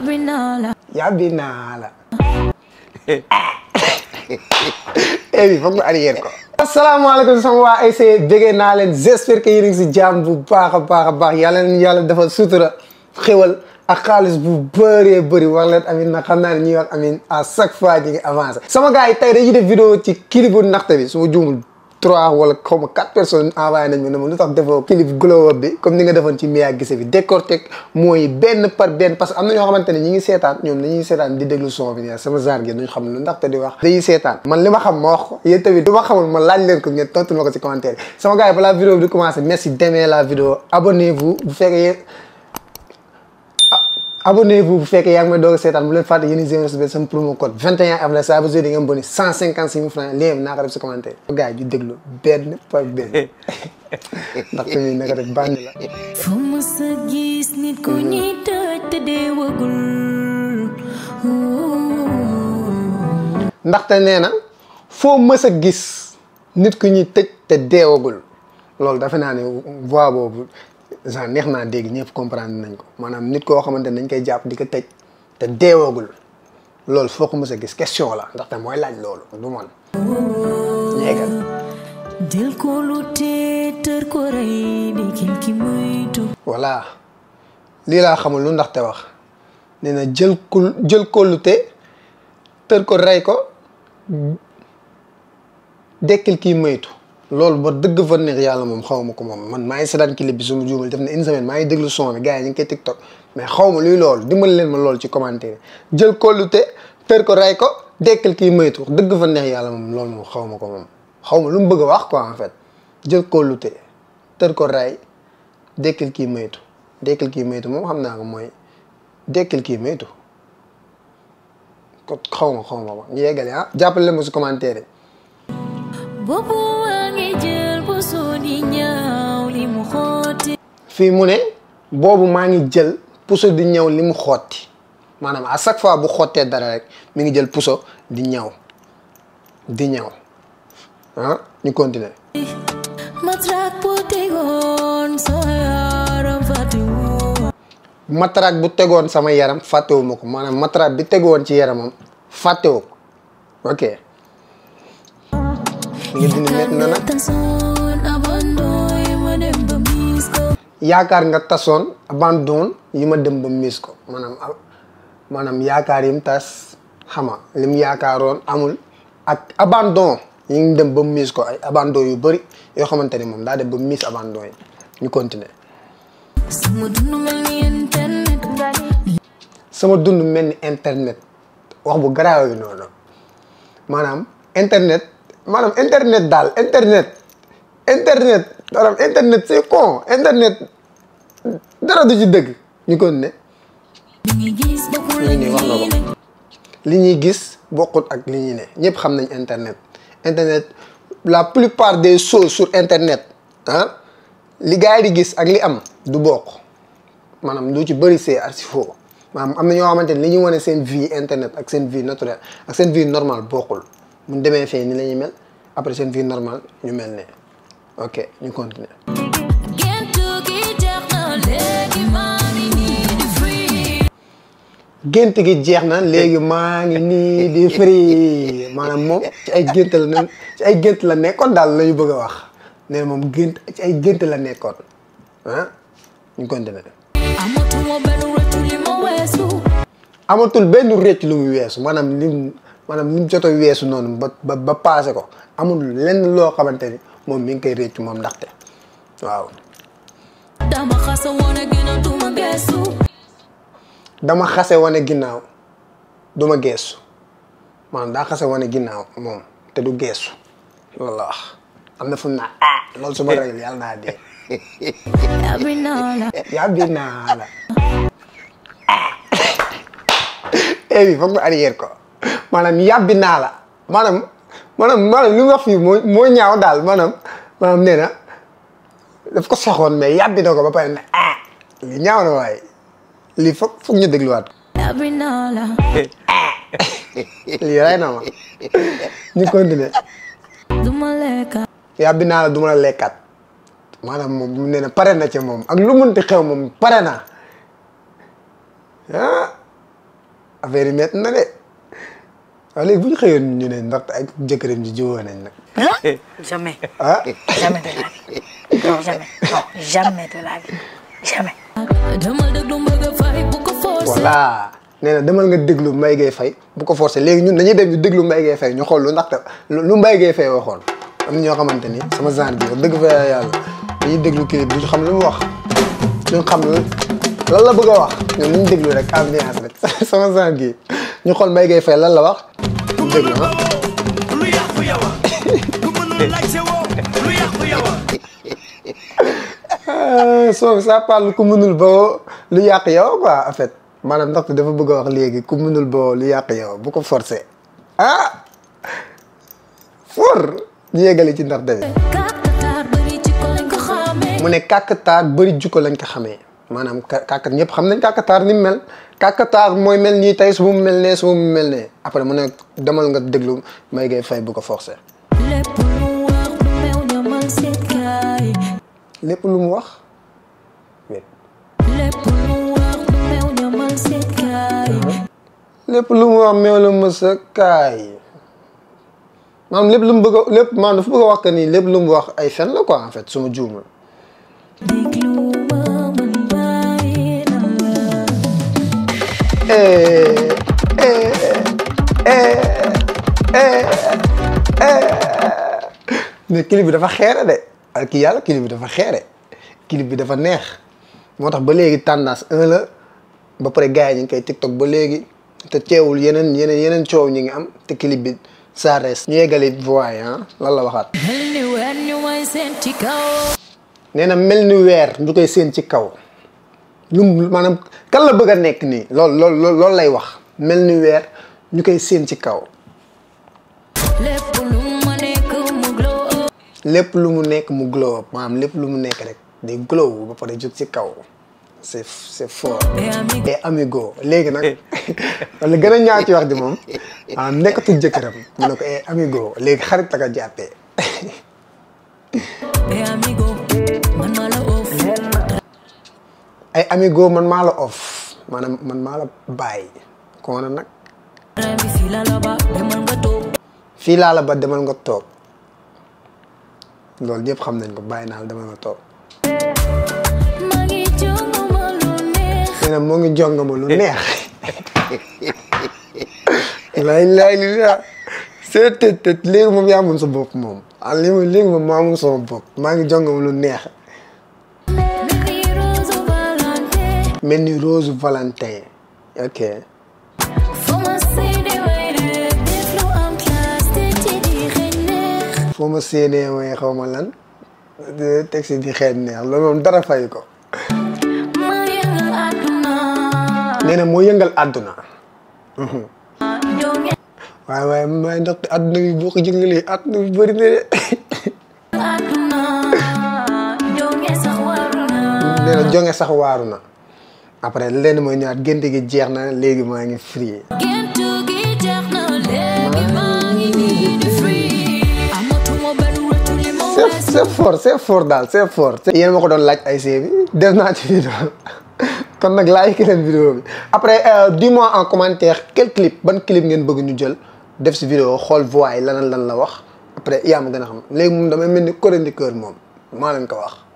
Yabinala. Yabinala. ebi foog mu arrière ko asalaamaaleykum sama waa ASC bégee naa leen j'espère que yéen a si jàmm bu baax a baax a baax yàlla leen yàlla dafa sutura xéwal ak xaalis bu bëree bëri wax leen amin na xam naa ne ñuy wax amin à chaque fois ñu avance sama gars yi tey dañuy def vidéo ci kilibu naxte bi su ma trois wala xaw ma quatre personnes envoyé nañ ma ne ma lu tax defoo clip glow bi comme ni nga defoon ci Mia Guissé bi décortique mooy benn par benn parce que am na ñoo xamante ne ñi ngi seetaan ñoom dañuy seetaan di déglu son bi nii sama genre gi duñ xam lu ndax te di wax dañuy seetaan man li ma xam ma wax ko yéen tamit li ma xamul ma laaj leen ko ngeen tontu ma ko ci commentaire sama gars yi balaa vidéo bi di commencé merci d'aimer la abonnez-vous bu fekkee yaa ngi may a seetaan bu leen fàtte yéen i bi sama promo code 21 avril saa bu jeudi ngeen boni 156 000 francs lien bi naa ko def si commentaire. gars rek bànn la. nee na foo mës a gis nit ku ñuy tëj te deewagul loolu dafa naa ne voix boobu. genre neex naa dégg ñëpp comprendre nañ ko maanaam nit koo xamante ne dañ koy jàpp di ko tëj te deewoogul loolu foo ko mës gis question la ndaxte mooy laaj loolu du man lu te lii laa xamul lu ndaxte wax nee na jël ko jël ko lu te tër ko rey ko dekkil kii moytu loolu ba dëgg fa neex yàlla moom xaw ma ko moom man maa ngi seetaan clip bi su ma juumal def na une semaine maa ngi déglu son bi gars yi ñu ngi koy tiktok mais xaw ma luy loolu dimbali leen ma loolu ci commentaire jël kóolute tër ko ray ko dekkal kii moytu dëgg fa neex moom loolu moom xaw ma ko moom xaw ma lu mu bëgg a wax quoi en fait jël kóolute tër ko ray dekkal kii moytu dekkal kii moytu moom xam naa ko mooy dekkal kii moytu ko xaw ma xaw ma ko ñu yeggale ah jàppale leen ma si commentaire fii mu ne boobu maa ngi jël puso di ñëw li mu xotti maanaam à chaque fois bu xottee dara rek mi ngi jël puso di ñaw di ñëw ah, ñu continuer matraque bu tegoon sama yaram fàttewuma ko maanaam matraque bi tegoon ci yaramam fàttewu ko ngeen dindi met yaakaar nga tasoon abandon yi ma dem ba miis ko maanaam maanaam yaakaar yim tas xama lim yaakaaroon amul ak abandon yi ngi dem ba miis ko ay abandon yu bëri yoo xamante ni moom daa dem ba miis abandon yi ñu continuer sama dund mel ni internet wax bu garaaw yi noonu maanaam internet Madame, internet dal internet internet Madame, internet c'est con internet dara du ci dëgg ñu ne li gis beaucoup ak li Ni ne ñëpp xam nañ internet internet la plupart des choses sur internet hein li gars yi di gis ak li am du bokk Madame, lu ci bëri assez archifo Madame, amenez-moi ñoo xamante ne li ñu wane vie internet ak seen vie naturelle ak seen vie normale beaucoup. bu demee fee ni la ñuy mel après seen vie normal ñu mel ne ok ñu continuer gént gi jeex na léegi maa ngi nii di free maanaam moom ci ay gént la ne ci ay gént la nekkoon daal lañu bëgg a wax nee moom gént ci ay gént la nekkoon ah ñu continuer amatul benn rëcc lu mu weesu maanaam lim maanaam li mu jot weesu noonu ba ba ba passé ko amul lenn loo xamante ni moom mi ngi koy réccu moom ndaxte waaw. dama xase wane ginnaaw du ma geesu. dama xase ginnaaw daa xase wane ginnaaw moom te du geesu loolu la wax am na fu naa ah loolu su ma naa dee. yàbbi naa la yàbbi naa la. ah. Eh, ko. maanaam yàbbi naa la maanaam maanaam maanaam li wax fii moo ñaaw daal maanaam maanaam nee ko soxoon mais yàbbi na ko ba pare ne ah li ñaaw na waaye lii foog foog ñu dégluwaat ko. yàbbi naa la. lii rey na ma ñu continuer. du ma lekkaat. yàbbi naa la du la lekkaat maanaam moom nee pare na ca moom ak lu munti xew moom pare na ah affaire yi métti na de. waaw léegi bu ñu xëyoon ñu ne ndaxte ak jëkkëram ji jiwoo nañ nag. ah jamais. demal nga déglu Mbaye Gueye bu ko forcé léegi ñun dañuy dem déglu Mbaye Gueye ñu xool lu ndaxte lu Mbaye Gueye Faye waxoon. am na ñoo xamante ni sama genre bi wax dëgg fa yàlla dañuy déglu kii duñu xam lu mu wax duñu xam lan la bëgg a wax rek ambiance sama genre gi. ñu xool Mbaye Gueye Faye lan la wax déglu ma lu yàqu yow ku mënul laaj sewoo lu yàqu yow soo lu yàq yow quoi en fait maanaam ndaxte dafa bëgg a wax léegi ku mënul bawoo lu yàq yow bu ko forcé ah for ñu yeggali ci ndax demee mu ne kàkk taar bëri jukko lañ ko xamee maanaam kàkkat ñëpp xam nañ kàkkataar ni mu mel kàkkataar mooy mel nii tey su mu mel nee su mu mel nee après mu ne demal nga déglu may gay fay bu ko forcer. lépp lu mu wax lépp lu mu wax kaay uh-huh. maanaam lépp lu mu bëgg a lépp dafa bëgg a wax que ni lépp lu mu wax ay fen la quoi en fait su ma mais eh, eh, eh, clip bi dafa xeere de ak ah, yàlla clip bi dafa xeere clip bi dafa neex moo tax ba léegi tendance un ba pare gars yi ñu ngi koy tiktok ba léegi te teewul yeneen yeneen yeneen coow ñu ngi am te clip bi ça reste ñu yeggali voie ah lan la waxaat nee mel ni weer ñu koy seen ci kaw lum maanaam kan la bëgg a nekk nii lool lool lay wax mel ni weer ñu koy séen ci kaw lépp lu mu nekk mu glow up maanaam lépp lu mu nekk rek day glow ba pare jóg ci kaw c'est c'est fort et léegi nag wala gën a ñaaw ci wax di moom ah nekkatul jëkkëram mu na ko et eh, amigo léegi xarit la ko jàppee ay amigo man maa la off maanaam man maa la bàyyi koona nag fii laa la ba demal nga toog loolu ñëpp xam nañ ko bàyyi naa la demal nga toog nee na moo ngi jonga ma lu neex lay lay li la seet tët tët léegi moom yaa moom sa bopp moom ah léegi moom maa moom sama bopp maa ngi jonga ma lu neex mel ni Rose Valentin ok. foo ma séenee mooy xaw ma lan texte di xeet neex loolu moom dara fay ko. nee na moo yëngal àdduna. waaye mhm. waaye may ndaxte àdduna bi boo ko jëngalee àdduna bi bëri na de. sax waaru na. après lenn mooy ñëwaat gént gi jeex na léegi maa ngi free. gént gi jeex na léegi maa ngi di free. amatuma benn wetu fort c'est fort daal c'est fort. yéen ma ko doon laaj ay see bi def naa ci vidéo kon nag like leen vidéo bi après euh, dis-moi en commentaire quel clip ban clip ngeen bëgg ñu jël def si vidéo xool voix yi lan lan la wax après yaa ma gën a xam léegi moom damay mel ni chroniqueur moom maa leen ko wax.